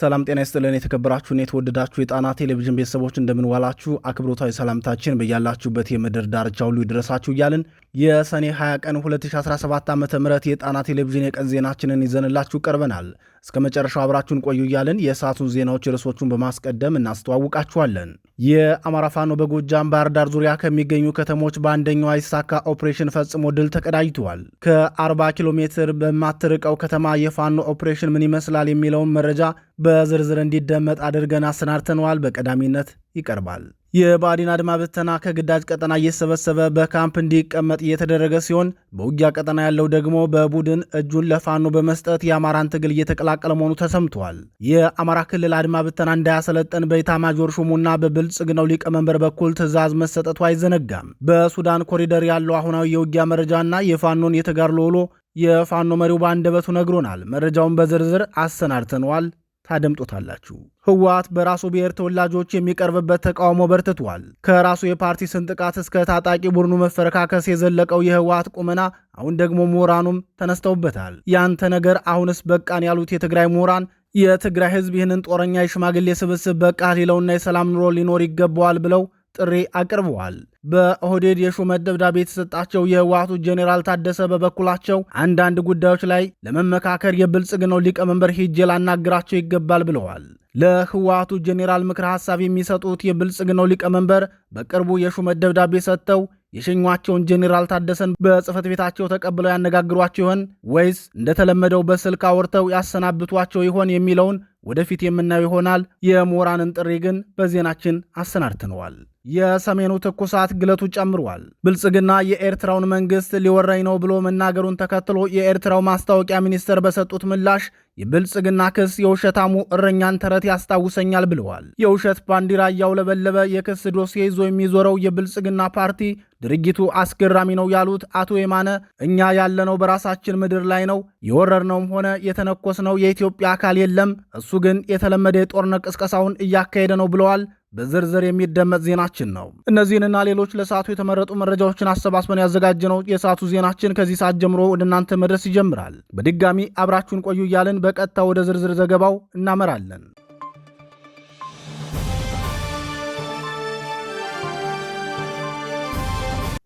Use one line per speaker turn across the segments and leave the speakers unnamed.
ሰላም ጤና ይስጥልን። የተከበራችሁን የተወደዳችሁ የጣና ቴሌቪዥን ቤተሰቦች እንደምንዋላችሁ፣ አክብሮታዊ ሰላምታችን በያላችሁበት የምድር ዳርቻ ሁሉ ይድረሳችሁ እያልን የሰኔ 20 ቀን 2017 ዓ ም የጣና ቴሌቪዥን የቀን ዜናችንን ይዘንላችሁ ቀርበናል። እስከ መጨረሻው አብራችሁን ቆዩ እያለን የሰዓቱን ዜናዎች ርዕሶቹን በማስቀደም እናስተዋውቃችኋለን። የአማራ ፋኖ በጎጃም ባህር ዳር ዙሪያ ከሚገኙ ከተሞች በአንደኛዋ ይሳካ ኦፕሬሽን ፈጽሞ ድል ተቀዳጅተዋል። ከ40 ኪሎ ሜትር በማትርቀው ከተማ የፋኖ ኦፕሬሽን ምን ይመስላል የሚለውን መረጃ በዝርዝር እንዲደመጥ አድርገን አሰናድተነዋል። በቀዳሚነት ይቀርባል። የባዲን አድማ ብተና ከግዳጅ ቀጠና እየሰበሰበ በካምፕ እንዲቀመጥ እየተደረገ ሲሆን በውጊያ ቀጠና ያለው ደግሞ በቡድን እጁን ለፋኖ በመስጠት የአማራን ትግል እየተቀላቀለ መሆኑ ተሰምቷል። የአማራ ክልል አድማ ብተና እንዳያሰለጠን በኢታማጆር ሹሙና በብልጽግናው ሊቀመንበር በኩል ትዕዛዝ መሰጠቱ አይዘነጋም። በሱዳን ኮሪደር ያለው አሁናዊ የውጊያ መረጃና የፋኖን የተጋድሎ ውሎ የፋኖ መሪው በአንደበቱ ነግሮናል። መረጃውን በዝርዝር አሰናድተነዋል። ታደምጦታላችሁ። ህወሓት በራሱ ብሔር ተወላጆች የሚቀርብበት ተቃውሞ በርትቷል። ከራሱ የፓርቲ ስንጥቃት እስከ ታጣቂ ቡድኑ መፈረካከስ የዘለቀው የህወሓት ቁመና አሁን ደግሞ ምሁራኑም ተነስተውበታል። ያንተ ነገር አሁንስ በቃን ያሉት የትግራይ ምሁራን የትግራይ ህዝብ ይህንን ጦረኛ የሽማግሌ ስብስብ በቃ ሊለውና የሰላም ኑሮ ሊኖር ይገባዋል ብለው ጥሪ አቅርበዋል። በኦህዴድ የሹመት ደብዳቤ የተሰጣቸው የህወሓቱ ጄኔራል ታደሰ በበኩላቸው አንዳንድ ጉዳዮች ላይ ለመመካከር የብልጽግናው ሊቀመንበር ሂጄ ላናግራቸው ይገባል ብለዋል። ለህወሓቱ ጄኔራል ምክረ ሐሳብ የሚሰጡት የብልጽግናው ሊቀመንበር በቅርቡ የሹመት ደብዳቤ ሰጥተው የሸኟቸውን ጄኔራል ታደሰን በጽህፈት ቤታቸው ተቀብለው ያነጋግሯቸው ይሆን ወይስ እንደተለመደው በስልክ አውርተው ያሰናብቷቸው ይሆን የሚለውን ወደፊት የምናየው ይሆናል። የምሁራንን ጥሪ ግን በዜናችን አሰናድተነዋል። የሰሜኑ ትኩሳት ግለቱ ጨምሯል። ብልጽግና የኤርትራውን መንግስት ሊወረኝ ነው ብሎ መናገሩን ተከትሎ የኤርትራው ማስታወቂያ ሚኒስትር በሰጡት ምላሽ የብልጽግና ክስ የውሸታሙ እረኛን ተረት ያስታውሰኛል ብለዋል። የውሸት ባንዲራ እያውለበለበ የክስ ዶሴ ይዞ የሚዞረው የብልጽግና ፓርቲ ድርጊቱ አስገራሚ ነው ያሉት አቶ የማነ እኛ ያለነው በራሳችን ምድር ላይ ነው፣ የወረርነውም ሆነ የተነኮስነው የኢትዮጵያ አካል የለም። እሱ ግን የተለመደ የጦርነት ቅስቀሳውን እያካሄደ ነው ብለዋል። በዝርዝር የሚደመጥ ዜናችን ነው። እነዚህንና ሌሎች ለሰዓቱ የተመረጡ መረጃዎችን አሰባስበን ያዘጋጀነው የሰዓቱ ዜናችን ከዚህ ሰዓት ጀምሮ ወደ እናንተ መድረስ ይጀምራል። በድጋሚ አብራችሁን ቆዩ እያልን በቀጥታ ወደ ዝርዝር ዘገባው እናመራለን።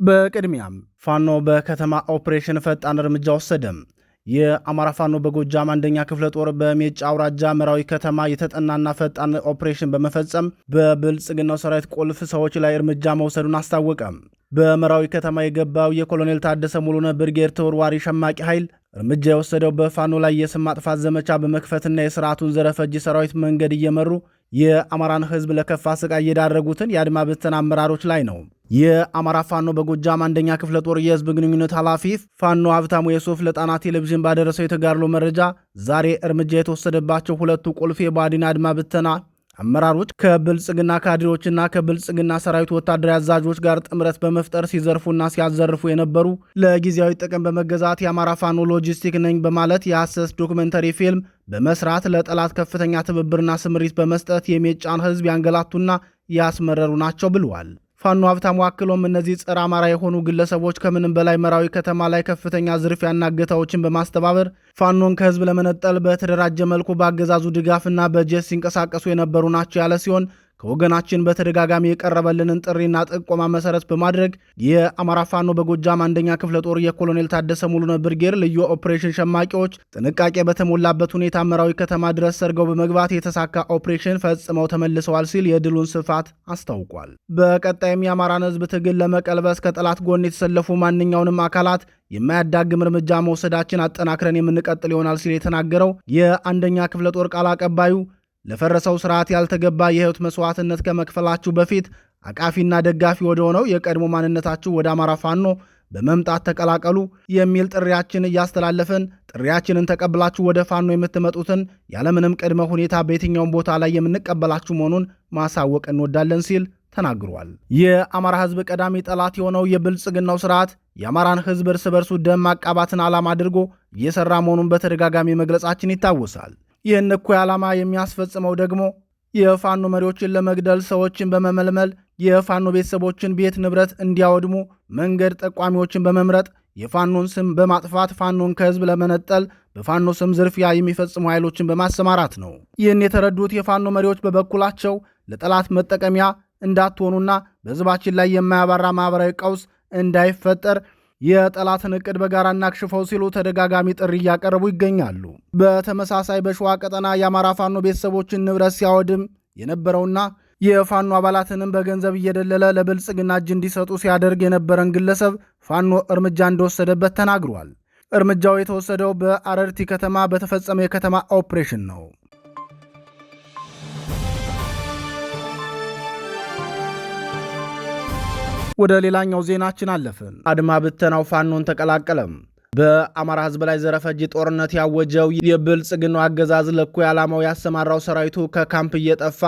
በቅድሚያም ፋኖ በከተማ ኦፕሬሽን ፈጣን እርምጃ ወሰደም። የአማራ ፋኖ በጎጃም አንደኛ ክፍለ ጦር በሜጫ አውራጃ መራዊ ከተማ የተጠናና ፈጣን ኦፕሬሽን በመፈጸም በብልጽግናው ሰራዊት ቁልፍ ሰዎች ላይ እርምጃ መውሰዱን አስታወቀ። በመራዊ ከተማ የገባው የኮሎኔል ታደሰ ሙሉነ ብርጌድ ተወርዋሪ ሸማቂ ኃይል እርምጃ የወሰደው በፋኖ ላይ የስም ማጥፋት ዘመቻ በመክፈትና የስርዓቱን ዘረፈጅ ሰራዊት መንገድ እየመሩ የአማራን ህዝብ ለከፋ ስቃይ የዳረጉትን የአድማ ብተን አመራሮች ላይ ነው። የአማራ ፋኖ በጎጃም አንደኛ ክፍለ ጦር የህዝብ ግንኙነት ኃላፊ ፋኖ ሀብታሙ የሱፍ ለጣና ቴሌቪዥን ባደረሰው የተጋድሎ መረጃ ዛሬ እርምጃ የተወሰደባቸው ሁለቱ ቁልፍ የባዲን አድማ ብተና አመራሮች ከብልጽግና ካድሬዎችና ከብልጽግና ሰራዊት ወታደራዊ አዛዦች ጋር ጥምረት በመፍጠር ሲዘርፉና ሲያዘርፉ የነበሩ ለጊዜያዊ ጥቅም በመገዛት የአማራ ፋኖ ሎጂስቲክ ነኝ በማለት የአሰስ ዶክመንተሪ ፊልም በመስራት ለጠላት ከፍተኛ ትብብርና ስምሪት በመስጠት የሜጫን ህዝብ ያንገላቱና ያስመረሩ ናቸው ብለዋል። ፋኖ ሀብታሙ አክሎም እነዚህ ጸረ አማራ የሆኑ ግለሰቦች ከምንም በላይ መራዊ ከተማ ላይ ከፍተኛ ዝርፊያና እገታዎችን በማስተባበር ፋኖን ከህዝብ ለመነጠል በተደራጀ መልኩ በአገዛዙ ድጋፍና በጀት ሲንቀሳቀሱ የነበሩ ናቸው ያለ ሲሆን ከወገናችን በተደጋጋሚ የቀረበልንን ጥሪና ጥቆማ መሰረት በማድረግ የአማራ ፋኖ በጎጃም አንደኛ ክፍለ ጦር የኮሎኔል ታደሰ ሙሉነ ብርጌር ልዩ ኦፕሬሽን ሸማቂዎች ጥንቃቄ በተሞላበት ሁኔታ መራዊ ከተማ ድረስ ሰርገው በመግባት የተሳካ ኦፕሬሽን ፈጽመው ተመልሰዋል ሲል የድሉን ስፋት አስታውቋል። በቀጣይም የአማራን ሕዝብ ትግል ለመቀልበስ ከጠላት ጎን የተሰለፉ ማንኛውንም አካላት የማያዳግም እርምጃ መውሰዳችን አጠናክረን የምንቀጥል ይሆናል ሲል የተናገረው የአንደኛ ክፍለ ጦር ቃል አቀባዩ ለፈረሰው ስርዓት ያልተገባ የህይወት መስዋዕትነት ከመክፈላችሁ በፊት አቃፊና ደጋፊ ወደ ሆነው የቀድሞ ማንነታችሁ ወደ አማራ ፋኖ በመምጣት ተቀላቀሉ የሚል ጥሪያችን እያስተላለፍን ጥሪያችንን ተቀብላችሁ ወደ ፋኖ የምትመጡትን ያለምንም ቅድመ ሁኔታ በየትኛውም ቦታ ላይ የምንቀበላችሁ መሆኑን ማሳወቅ እንወዳለን ሲል ተናግሯል። የአማራ ህዝብ ቀዳሚ ጠላት የሆነው የብልጽግናው ስርዓት የአማራን ህዝብ እርስ በርሱ ደም ማቃባትን ዓላማ አድርጎ እየሰራ መሆኑን በተደጋጋሚ መግለጻችን ይታወሳል። ይህን እኩይ ዓላማ የሚያስፈጽመው ደግሞ የፋኖ መሪዎችን ለመግደል ሰዎችን በመመልመል የፋኖ ቤተሰቦችን ቤት ንብረት እንዲያወድሙ መንገድ ጠቋሚዎችን በመምረጥ የፋኖን ስም በማጥፋት ፋኖን ከህዝብ ለመነጠል በፋኖ ስም ዝርፊያ የሚፈጽሙ ኃይሎችን በማሰማራት ነው። ይህን የተረዱት የፋኖ መሪዎች በበኩላቸው ለጠላት መጠቀሚያ እንዳትሆኑና በህዝባችን ላይ የማያባራ ማኅበራዊ ቀውስ እንዳይፈጠር የጠላትን እቅድ በጋራ እናክሽፈው ሲሉ ተደጋጋሚ ጥሪ እያቀረቡ ይገኛሉ። በተመሳሳይ በሸዋ ቀጠና የአማራ ፋኖ ቤተሰቦችን ንብረት ሲያወድም የነበረውና የፋኖ አባላትንም በገንዘብ እየደለለ ለብልጽግና እጅ እንዲሰጡ ሲያደርግ የነበረን ግለሰብ ፋኖ እርምጃ እንደወሰደበት ተናግሯል። እርምጃው የተወሰደው በአረርቲ ከተማ በተፈጸመ የከተማ ኦፕሬሽን ነው። ወደ ሌላኛው ዜናችን አለፍን። አድማ ብተናው ፋኖን ተቀላቀለም። በአማራ ህዝብ ላይ ዘረፈጅ ጦርነት ያወጀው የብልጽግናው አገዛዝ ለኩ ዓላማው ያሰማራው ሰራዊቱ ከካምፕ እየጠፋ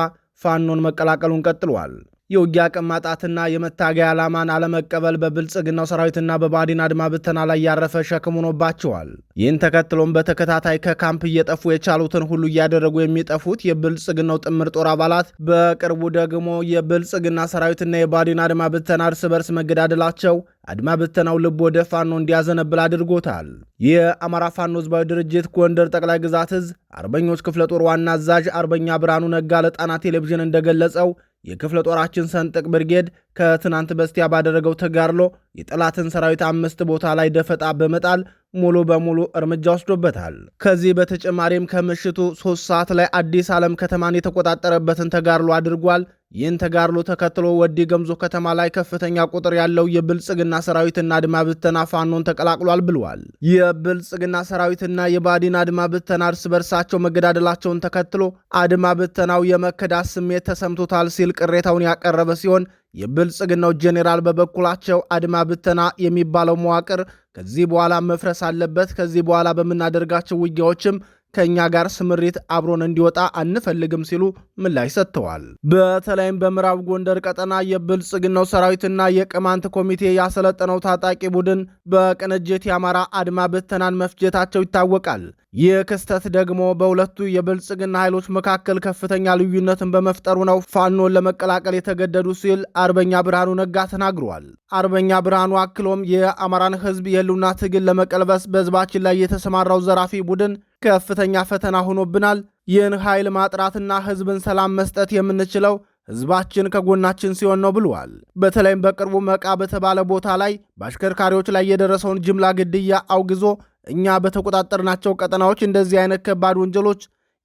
ፋኖን መቀላቀሉን ቀጥሏል። የውጊያ አቅም ማጣትና የመታገያ ዓላማን አለመቀበል በብልጽግናው ሰራዊትና በባዲን አድማ ብተና ላይ ያረፈ ሸክም ሆኖባቸዋል። ይህን ተከትሎም በተከታታይ ከካምፕ እየጠፉ የቻሉትን ሁሉ እያደረጉ የሚጠፉት የብልጽግናው ጥምር ጦር አባላት በቅርቡ ደግሞ የብልጽግና ሰራዊትና የባዲን አድማ ብተና እርስ በርስ መገዳደላቸው አድማ ብተናው ልብ ወደ ፋኖ እንዲያዘነብል አድርጎታል። የአማራ ፋኖ ህዝባዊ ድርጅት ጎንደር ጠቅላይ ግዛት እዝ አርበኞች ክፍለ ጦር ዋና አዛዥ አርበኛ ብርሃኑ ነጋ ለጣና ቴሌቪዥን እንደገለጸው የክፍለ ጦራችን ሰንጥቅ ብርጌድ ከትናንት በስቲያ ባደረገው ተጋድሎ የጠላትን ሰራዊት አምስት ቦታ ላይ ደፈጣ በመጣል ሙሉ በሙሉ እርምጃ ወስዶበታል። ከዚህ በተጨማሪም ከምሽቱ ሶስት ሰዓት ላይ አዲስ ዓለም ከተማን የተቆጣጠረበትን ተጋድሎ አድርጓል። ይህን ተጋድሎ ተከትሎ ወዲ ገምዞ ከተማ ላይ ከፍተኛ ቁጥር ያለው የብልጽግና ሰራዊትና አድማ ብተና ፋኖን ተቀላቅሏል ብለዋል። የብልጽግና ሰራዊትና የባዲን አድማ ብተና እርስ በርሳቸው መገዳደላቸውን ተከትሎ አድማ ብተናው የመከዳት ስሜት ተሰምቶታል ሲል ቅሬታውን ያቀረበ ሲሆን የብልጽግናው ጄኔራል በበኩላቸው አድማ ብተና የሚባለው መዋቅር ከዚህ በኋላ መፍረስ አለበት፣ ከዚህ በኋላ በምናደርጋቸው ውጊያዎችም ከእኛ ጋር ስምሪት አብሮን እንዲወጣ አንፈልግም ሲሉ ምላሽ ሰጥተዋል። በተለይም በምዕራብ ጎንደር ቀጠና የብልጽግናው ሰራዊትና የቅማንት ኮሚቴ ያሰለጠነው ታጣቂ ቡድን በቅንጅት የአማራ አድማ ብተናን መፍጀታቸው ይታወቃል። ይህ ክስተት ደግሞ በሁለቱ የብልጽግና ኃይሎች መካከል ከፍተኛ ልዩነትን በመፍጠሩ ነው ፋኖን ለመቀላቀል የተገደዱ ሲል አርበኛ ብርሃኑ ነጋ ተናግሯል። አርበኛ ብርሃኑ አክሎም የአማራን ሕዝብ የህልውና ትግል ለመቀልበስ በህዝባችን ላይ የተሰማራው ዘራፊ ቡድን ከፍተኛ ፈተና ሆኖብናል። ይህን ኃይል ማጥራትና ህዝብን ሰላም መስጠት የምንችለው ህዝባችን ከጎናችን ሲሆን ነው ብለዋል። በተለይም በቅርቡ መቃ በተባለ ቦታ ላይ በአሽከርካሪዎች ላይ የደረሰውን ጅምላ ግድያ አውግዞ እኛ በተቆጣጠርናቸው ቀጠናዎች እንደዚህ አይነት ከባድ ወንጀሎች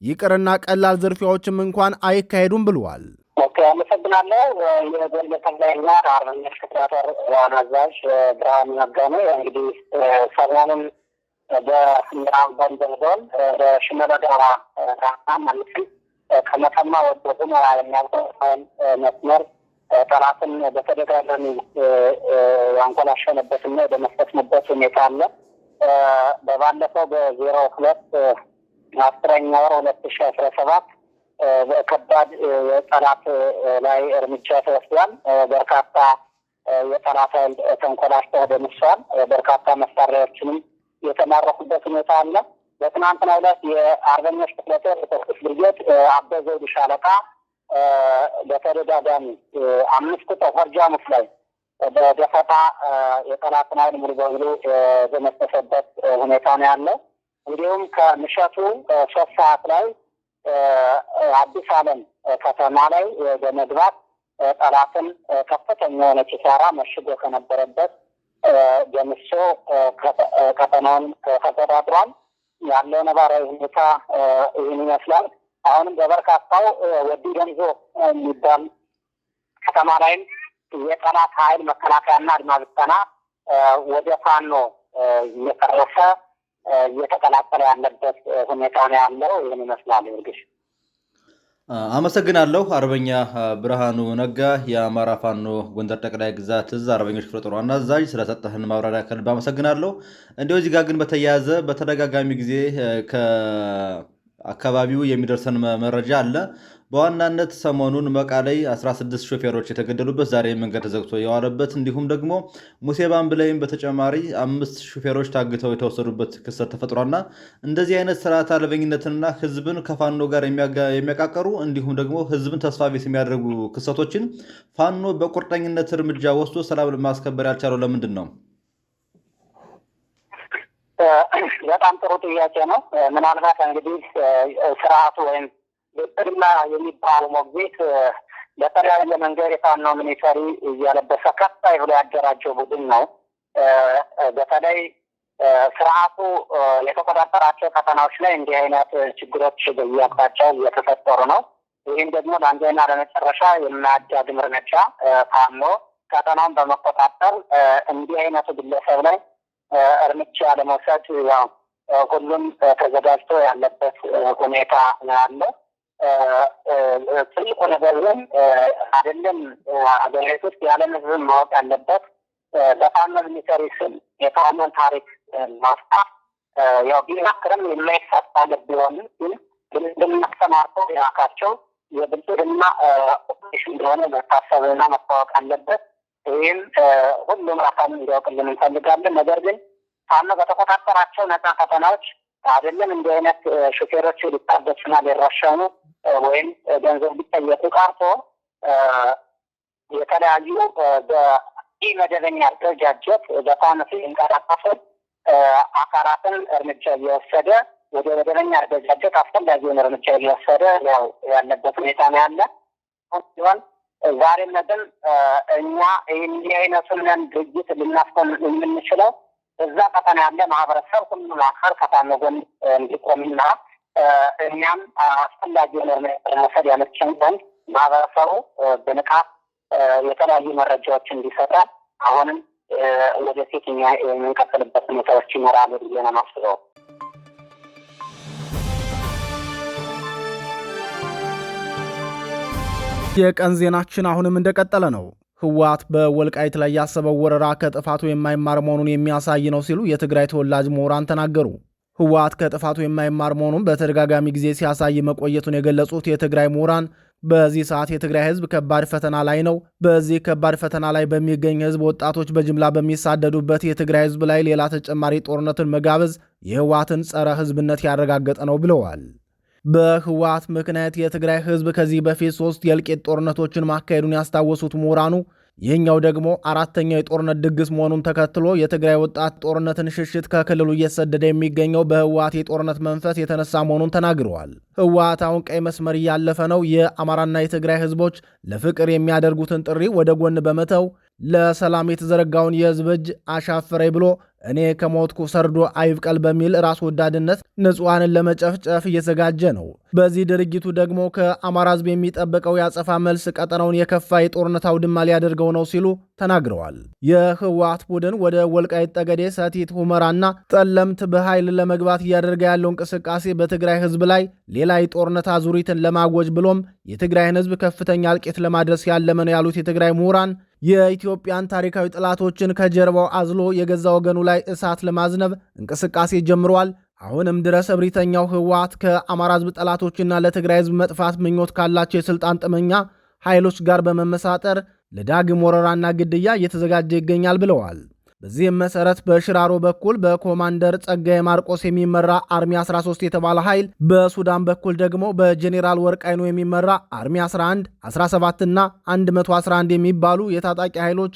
ይቅርና ቀላል ዝርፊያዎችም እንኳን አይካሄዱም ብለዋል።
አመሰግናለሁ። የመተግበኛ አርበኞች ክፍለ ጦር ዋና አዛዥ ብርሃኑ ነጋ ነው። እንግዲህ ሰሞኑን በምዕራብ ጎንደር ዞን በሽመለጋራ ራና ማለትም ከመተማ ወደ ሁመራ የሚያልቀውን መስመር ጠላትን በተደጋጋሚ ያንኮላሸንበትና የደመሰስንበት ሁኔታ አለ። በባለፈው በዜሮ ሁለት አስረኛ ወር ሁለት ሺ አስራ ሰባት ከባድ የጠላት ላይ እርምጃ ተወስዷል። በርካታ የጠላት ኃይል ተንኮላፍተው ደምሷል። በርካታ መሳሪያዎችንም የተማረኩበት ሁኔታ አለ። በትናንትናው ዕለት የአርበኞች ክፍለ ጦር ተኩስ ብርጌድ አበበ ዘውዱ ሻለቃ በተደጋጋሚ አምስት ቁጥር ምስ ላይ በደፈጣ የጠላትን ኃይል ሙሉ በሙሉ በመጠፈበት ሁኔታ ነው ያለው። እንዲሁም ከምሸቱ ሶስት ሰዓት ላይ አዲስ ዓለም ከተማ ላይ በመግባት ጠላትን ከፍተኛ የሆነ ኪሳራ መሽጎ ከነበረበት ገምሶ ቀጠናውን ተቆጣጥሯል። ያለው ነባራዊ ሁኔታ ይህን ይመስላል። አሁንም በበርካታው ወዲ ገንዞ የሚባል ከተማ ላይም የጠላት ኃይል መከላከያና አድማ ብተና ወደ ፋኖ እየፈረሰ እየተቀላቀለ ያለበት ሁኔታ ነው ያለው። ይህን ይመስላል እርግሽ።
አመሰግናለሁ። አርበኛ ብርሃኑ ነጋ የአማራ ፋኖ ጎንደር ጠቅላይ ግዛት እዝ አርበኞች ክፍለ ጦር ዋና አዛዥ ስለሰጠህን ማብራሪያ ከልብ አመሰግናለሁ። እንዲሁ እዚህ ጋር ግን በተያያዘ በተደጋጋሚ ጊዜ ከአካባቢው የሚደርሰን መረጃ አለ በዋናነት ሰሞኑን መቃ ላይ 16 ሾፌሮች የተገደሉበት ዛሬ መንገድ ተዘግቶ የዋለበት እንዲሁም ደግሞ ሙሴ ባምብ ላይም በተጨማሪ አምስት ሾፌሮች ታግተው የተወሰዱበት ክስተት ተፈጥሯና እንደዚህ አይነት ስርዓት አልበኝነትንና ህዝብን ከፋኖ ጋር የሚያቃቀሩ እንዲሁም ደግሞ ህዝብን ተስፋ ቤት የሚያደርጉ ክስተቶችን ፋኖ በቁርጠኝነት እርምጃ ወስዶ ሰላም ማስከበር ያልቻለው ለምንድን ነው?
በጣም ጥሩ ጥያቄ ነው። ምናልባት እንግዲህ ስርዓቱ ወይም ብልጽግና የሚባል ሞግዚት በተለያየ መንገድ የፋኖ ሚኒተሪ እያለበሰ ከፍታ ብሎ ያደራጀው ቡድን ነው። በተለይ ስርዓቱ የተቆጣጠራቸው ከተማዎች ላይ እንዲህ አይነት ችግሮች በየአቅጣጫው እየተፈጠሩ ነው። ይህም ደግሞ ለአንዴና ለመጨረሻ የማያዳግም እርምጃ ፋኖ ከተማውን በመቆጣጠር እንዲህ አይነቱ ግለሰብ ላይ እርምጃ ለመውሰድ ያው ሁሉም ተዘጋጅቶ ያለበት ሁኔታ ያለ ትልቁ ነገር ግን አይደለም ሀገሬት ውስጥ የዓለም ሕዝብን ማወቅ ያለበት በፋኖ ሚሊተሪ ስም የፋኖን ታሪክ ማስጣት ያው ቢናክርም የማይፈታ ነገር ቢሆንም ግን ብልጽግና ተሰማርተው የብልጽግና ኦፕሬሽን እንደሆነ መታሰብና መታወቅ አለበት። ይህም ሁሉም ራሳን እንዲያውቅልን እንፈልጋለን። ነገር ግን ፋኖ በተቆጣጠራቸው ነጻ ፈተናዎች አይደለም እንዲህ አይነት ሹፌሮች ሊታደሱና ሊረሸኑ ወይም ገንዘብ ሊጠየቁ ቀርቶ የተለያዩ በኢመደበኛ መደበኛ አደረጃጀት በፋኖስ የሚንቀሳቀሱ አካላትን እርምጃ እየወሰደ ወደ መደበኛ አደረጃጀት አስፈላጊውን እርምጃ እየወሰደ ያው ያለበት ሁኔታ ነው ያለ ሲሆን ዛሬም ነበር እኛ ይህን አይነቱን ድርጅት ልናስቆም የምንችለው እዛ ቀጠና ያለ ማህበረሰብ ሁሉም አካል ከፋኖ ጎን እንዲቆምና እኛም አስፈላጊ መውሰድ ያለችን ዘንድ ማህበረሰቡ በንቃት የተለያዩ መረጃዎች እንዲሰጠ አሁንም ወደፊት እኛ የምንቀጥልበት ሁኔታዎች ይኖራሉ ብዬ ነው የማስበው።
የቀን ዜናችን አሁንም እንደቀጠለ ነው። ህወሓት በወልቃይት ላይ ያሰበው ወረራ ከጥፋቱ የማይማር መሆኑን የሚያሳይ ነው ሲሉ የትግራይ ተወላጅ ምሁራን ተናገሩ። ህወሓት ከጥፋቱ የማይማር መሆኑን በተደጋጋሚ ጊዜ ሲያሳይ መቆየቱን የገለጹት የትግራይ ምሁራን በዚህ ሰዓት የትግራይ ህዝብ ከባድ ፈተና ላይ ነው። በዚህ ከባድ ፈተና ላይ በሚገኝ ህዝብ ወጣቶች በጅምላ በሚሳደዱበት የትግራይ ህዝብ ላይ ሌላ ተጨማሪ ጦርነትን መጋበዝ የህወሓትን ጸረ ህዝብነት ያረጋገጠ ነው ብለዋል። በህወሓት ምክንያት የትግራይ ህዝብ ከዚህ በፊት ሶስት የእልቂት ጦርነቶችን ማካሄዱን ያስታወሱት ምሁራኑ ይህኛው ደግሞ አራተኛው የጦርነት ድግስ መሆኑን ተከትሎ የትግራይ ወጣት ጦርነትን ሽሽት ከክልሉ እየተሰደደ የሚገኘው በህወሀት የጦርነት መንፈስ የተነሳ መሆኑን ተናግረዋል። ህወሀት አሁን ቀይ መስመር እያለፈ ነው። የአማራና የትግራይ ህዝቦች ለፍቅር የሚያደርጉትን ጥሪ ወደ ጎን በመተው ለሰላም የተዘረጋውን የህዝብ እጅ አሻፍረኝ ብሎ እኔ ከሞትኩ ሰርዶ አይብቀል በሚል ራስ ወዳድነት ንጹሐንን ለመጨፍጨፍ እየተዘጋጀ ነው። በዚህ ድርጊቱ ደግሞ ከአማራ ህዝብ የሚጠበቀው የአጸፋ መልስ ቀጠናውን የከፋ የጦርነት አውድማ ሊያደርገው ነው ሲሉ ተናግረዋል። የህወሓት ቡድን ወደ ወልቃይት ጠገዴ፣ ሰቲት ሁመራና ጠለምት በኃይል ለመግባት እያደረገ ያለው እንቅስቃሴ በትግራይ ህዝብ ላይ ሌላ የጦርነት አዙሪትን ለማወጅ ብሎም የትግራይን ህዝብ ከፍተኛ እልቂት ለማድረስ ያለመ ነው ያሉት የትግራይ ምሁራን የኢትዮጵያን ታሪካዊ ጠላቶችን ከጀርባው አዝሎ የገዛ ወገኑ ላይ እሳት ለማዝነብ እንቅስቃሴ ጀምሯል። አሁንም ድረስ እብሪተኛው ህወሓት ከአማራ ህዝብ ጠላቶችና ለትግራይ ህዝብ መጥፋት ምኞት ካላቸው የስልጣን ጥመኛ ኃይሎች ጋር በመመሳጠር ለዳግም ወረራና ግድያ እየተዘጋጀ ይገኛል ብለዋል። በዚህም መሰረት በሽራሮ በኩል በኮማንደር ጸጋዬ ማርቆስ የሚመራ አርሚ 13 የተባለ ኃይል በሱዳን በኩል ደግሞ በጄኔራል ወርቃይኖ የሚመራ አርሚ 11፣ 17 እና 111 የሚባሉ የታጣቂ ኃይሎች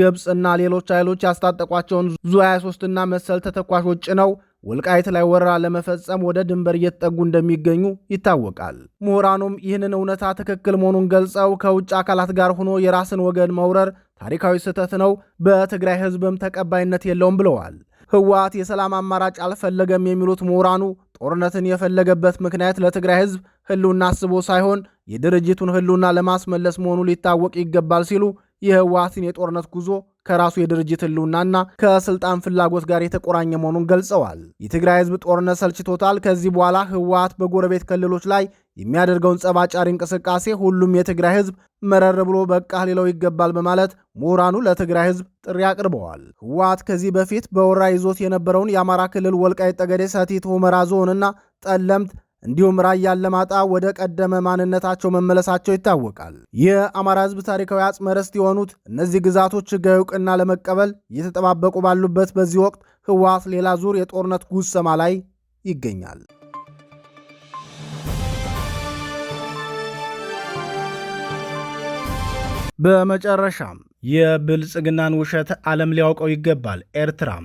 ግብፅና ሌሎች ኃይሎች ያስታጠቋቸውን ዙ 23 እና መሰል ተተኳሾች ነው ወልቃይት ላይ ወረራ ለመፈጸም ወደ ድንበር እየተጠጉ እንደሚገኙ ይታወቃል። ምሁራኑም ይህንን እውነታ ትክክል መሆኑን ገልጸው ከውጭ አካላት ጋር ሆኖ የራስን ወገን መውረር ታሪካዊ ስህተት ነው፣ በትግራይ ህዝብም ተቀባይነት የለውም ብለዋል። ህወሓት የሰላም አማራጭ አልፈለገም የሚሉት ምሁራኑ ጦርነትን የፈለገበት ምክንያት ለትግራይ ህዝብ ህልውና አስቦ ሳይሆን የድርጅቱን ህልውና ለማስመለስ መሆኑ ሊታወቅ ይገባል ሲሉ የህወሓትን የጦርነት ጉዞ ከራሱ የድርጅት ህልውናና ከስልጣን ፍላጎት ጋር የተቆራኘ መሆኑን ገልጸዋል። የትግራይ ህዝብ ጦርነት ሰልችቶታል። ከዚህ በኋላ ህወሓት በጎረቤት ክልሎች ላይ የሚያደርገውን ጸባጫሪ እንቅስቃሴ ሁሉም የትግራይ ህዝብ መረር ብሎ በቃ ሌለው ይገባል በማለት ምሁራኑ ለትግራይ ህዝብ ጥሪ አቅርበዋል። ህወሓት ከዚህ በፊት በወራ ይዞት የነበረውን የአማራ ክልል ወልቃይት ጠገዴ፣ ሰቲት ሁመራ ዞንና ጠለምት እንዲሁም ራያን ለማጣ ወደ ቀደመ ማንነታቸው መመለሳቸው ይታወቃል። የአማራ ህዝብ ታሪካዊ አጽመ ርስት የሆኑት እነዚህ ግዛቶች ሕጋዊ እውቅና ለመቀበል እየተጠባበቁ ባሉበት በዚህ ወቅት ህወሓት ሌላ ዙር የጦርነት ጉሰማ ላይ ይገኛል። በመጨረሻም የብልጽግናን ውሸት ዓለም ሊያውቀው ይገባል። ኤርትራም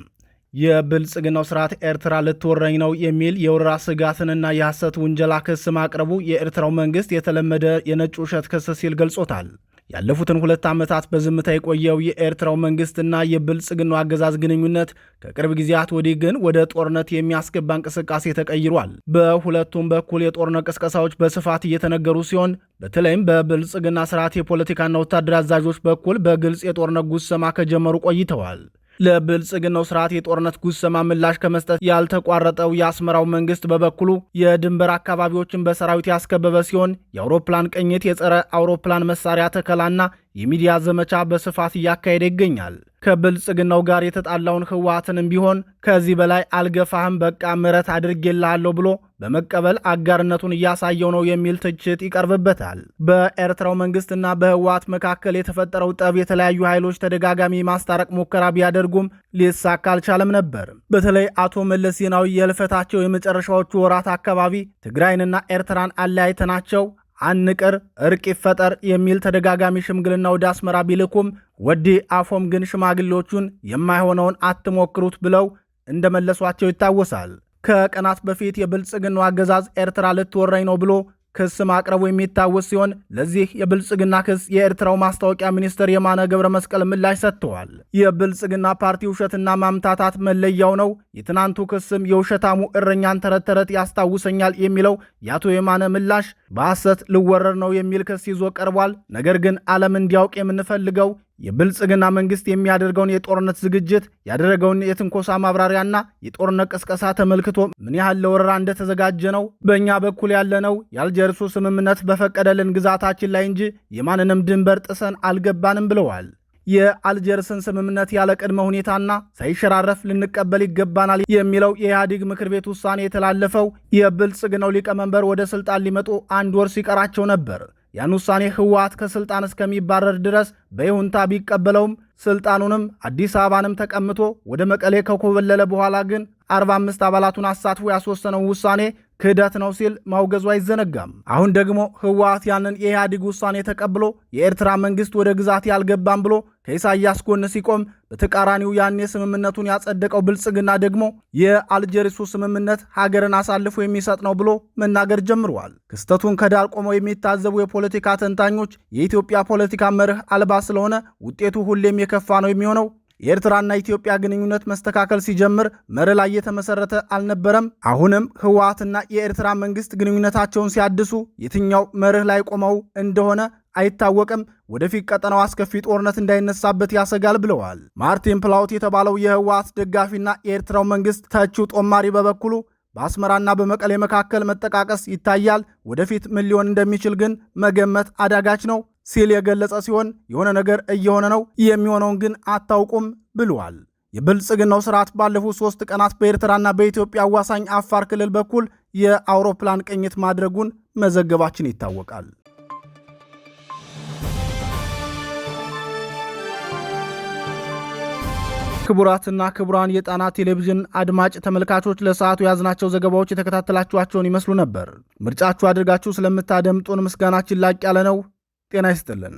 የብልጽግናው ስርዓት ኤርትራ ልትወረኝ ነው የሚል የወረራ ስጋትንና የሐሰት ውንጀላ ክስ ማቅረቡ የኤርትራው መንግስት የተለመደ የነጭ ውሸት ክስ ሲል ገልጾታል። ያለፉትን ሁለት ዓመታት በዝምታ የቆየው የኤርትራው መንግስትና የብልጽግናው አገዛዝ ግንኙነት ከቅርብ ጊዜያት ወዲህ ግን ወደ ጦርነት የሚያስገባ እንቅስቃሴ ተቀይሯል። በሁለቱም በኩል የጦርነት ቅስቀሳዎች በስፋት እየተነገሩ ሲሆን በተለይም በብልጽግና ስርዓት የፖለቲካና ወታደር አዛዦች በኩል በግልጽ የጦርነት ጉሰማ ከጀመሩ ቆይተዋል። ለብልጽግናው ስርዓት የጦርነት ጉሰማ ምላሽ ከመስጠት ያልተቋረጠው የአስመራው መንግስት በበኩሉ የድንበር አካባቢዎችን በሰራዊት ያስከበበ ሲሆን የአውሮፕላን ቅኝት፣ የጸረ አውሮፕላን መሳሪያ ተከላና የሚዲያ ዘመቻ በስፋት እያካሄደ ይገኛል። ከብልጽግናው ጋር የተጣላውን ህወሓትንም ቢሆን ከዚህ በላይ አልገፋህም፣ በቃ ምረት አድርጌልሃለሁ ብሎ በመቀበል አጋርነቱን እያሳየው ነው የሚል ትችት ይቀርብበታል። በኤርትራው መንግስትና በህወሓት መካከል የተፈጠረው ጠብ የተለያዩ ኃይሎች ተደጋጋሚ ማስታረቅ ሙከራ ቢያደርጉም ሊሳካ አልቻለም ነበር። በተለይ አቶ መለስ ዜናዊ የህልፈታቸው የመጨረሻዎቹ ወራት አካባቢ ትግራይንና ኤርትራን አለያይተናቸው አንቅር እርቅ ይፈጠር የሚል ተደጋጋሚ ሽምግልና ወደ አስመራ ቢልኩም ወዲ አፎም ግን ሽማግሌዎቹን የማይሆነውን አትሞክሩት ብለው እንደመለሷቸው ይታወሳል። ከቀናት በፊት የብልጽግናው አገዛዝ ኤርትራ ልትወረኝ ነው ብሎ ክስ ማቅረቡ የሚታወስ ሲሆን ለዚህ የብልጽግና ክስ የኤርትራው ማስታወቂያ ሚኒስትር የማነ ገብረ መስቀል ምላሽ ሰጥተዋል። የብልጽግና ፓርቲ ውሸትና ማምታታት መለያው ነው፣ የትናንቱ ክስም የውሸታሙ እረኛን ተረት ተረት ያስታውሰኛል የሚለው የአቶ የማነ ምላሽ በሐሰት ልወረር ነው የሚል ክስ ይዞ ቀርቧል። ነገር ግን ዓለም እንዲያውቅ የምንፈልገው የብልጽግና መንግስት የሚያደርገውን የጦርነት ዝግጅት ያደረገውን የትንኮሳ ማብራሪያና የጦርነት ቅስቀሳ ተመልክቶ ምን ያህል ለወረራ እንደተዘጋጀ ነው። በእኛ በኩል ያለነው የአልጀርሱ ስምምነት በፈቀደልን ግዛታችን ላይ እንጂ የማንንም ድንበር ጥሰን አልገባንም ብለዋል። የአልጀርስን ስምምነት ያለ ቅድመ ሁኔታና ሳይሸራረፍ ልንቀበል ይገባናል የሚለው የኢህአዴግ ምክር ቤት ውሳኔ የተላለፈው የብልጽግናው ሊቀመንበር ወደ ስልጣን ሊመጡ አንድ ወር ሲቀራቸው ነበር። ያን ውሳኔ ህወሓት ከስልጣን እስከሚባረር ድረስ በይሁንታ ቢቀበለውም ስልጣኑንም አዲስ አበባንም ተቀምቶ ወደ መቀሌ ከኮበለለ በኋላ ግን አምስት አባላቱን አሳትፎ ያስወሰነው ውሳኔ ክህደት ነው ሲል ማውገዙ አይዘነጋም። አሁን ደግሞ ህወሓት ያንን የኢህአዲግ ውሳኔ ተቀብሎ የኤርትራ መንግስት ወደ ግዛት ያልገባም ብሎ ከኢሳያስ ጎን ሲቆም፣ በተቃራኒው ያኔ ስምምነቱን ያጸደቀው ብልጽግና ደግሞ የአልጀሪሱ ስምምነት ሀገርን አሳልፎ የሚሰጥ ነው ብሎ መናገር ጀምረዋል። ክስተቱን ከዳር ቆመው የሚታዘቡ የፖለቲካ ተንታኞች የኢትዮጵያ ፖለቲካ መርህ አልባ ስለሆነ ውጤቱ ሁሌም የከፋ ነው የሚሆነው የኤርትራና ኢትዮጵያ ግንኙነት መስተካከል ሲጀምር መር ላይ የተመሰረተ አልነበረም። አሁንም ህወሓትና የኤርትራ መንግስት ግንኙነታቸውን ሲያድሱ የትኛው መርህ ላይ ቆመው እንደሆነ አይታወቅም። ወደፊት ቀጠናው አስከፊ ጦርነት እንዳይነሳበት ያሰጋል ብለዋል። ማርቲን ፕላውት የተባለው የህወሓት ደጋፊና የኤርትራው መንግስት ተቺው ጦማሪ በበኩሉ በአስመራና በመቀሌ መካከል መጠቃቀስ ይታያል። ወደፊት ምን ሊሆን እንደሚችል ግን መገመት አዳጋች ነው። ሲል የገለጸ ሲሆን የሆነ ነገር እየሆነ ነው፣ የሚሆነውን ግን አታውቁም ብለዋል። የብልጽግናው ስርዓት ባለፉት ሶስት ቀናት በኤርትራና በኢትዮጵያ አዋሳኝ አፋር ክልል በኩል የአውሮፕላን ቅኝት ማድረጉን መዘገባችን ይታወቃል። ክቡራትና ክቡራን የጣና ቴሌቪዥን አድማጭ ተመልካቾች ለሰዓቱ የያዝናቸው ዘገባዎች የተከታተላችኋቸውን ይመስሉ ነበር። ምርጫችሁ አድርጋችሁ ስለምታደምጡን ምስጋናችን ላቅ ያለ ነው። ጤና ይስጥልን።